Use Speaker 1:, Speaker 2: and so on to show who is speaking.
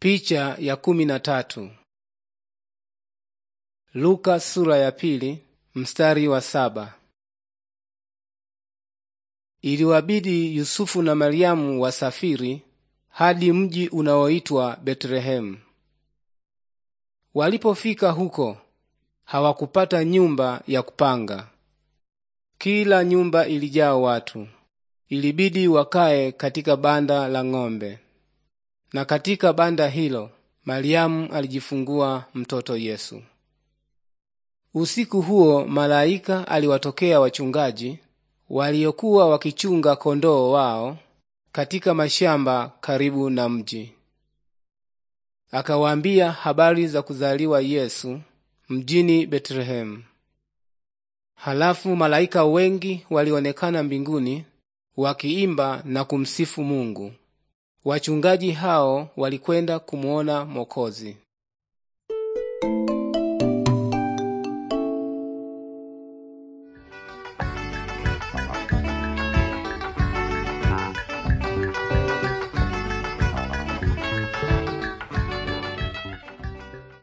Speaker 1: Picha ya kumi na tatu. Luka sura ya
Speaker 2: pili, mstari wa saba. Iliwabidi Yusufu na Mariamu wasafiri hadi mji unaoitwa Betlehemu. Walipofika huko hawakupata nyumba ya kupanga. Kila nyumba ilijaa watu. Ilibidi wakae katika banda la ng'ombe na katika banda hilo Mariamu alijifungua mtoto Yesu. Usiku huo malaika aliwatokea wachungaji waliokuwa wakichunga kondoo wao katika mashamba karibu na mji. Akawaambia habari za kuzaliwa Yesu mjini Betlehemu. Halafu malaika wengi walionekana mbinguni wakiimba na kumsifu Mungu. Wachungaji hao walikwenda kumuona Mwokozi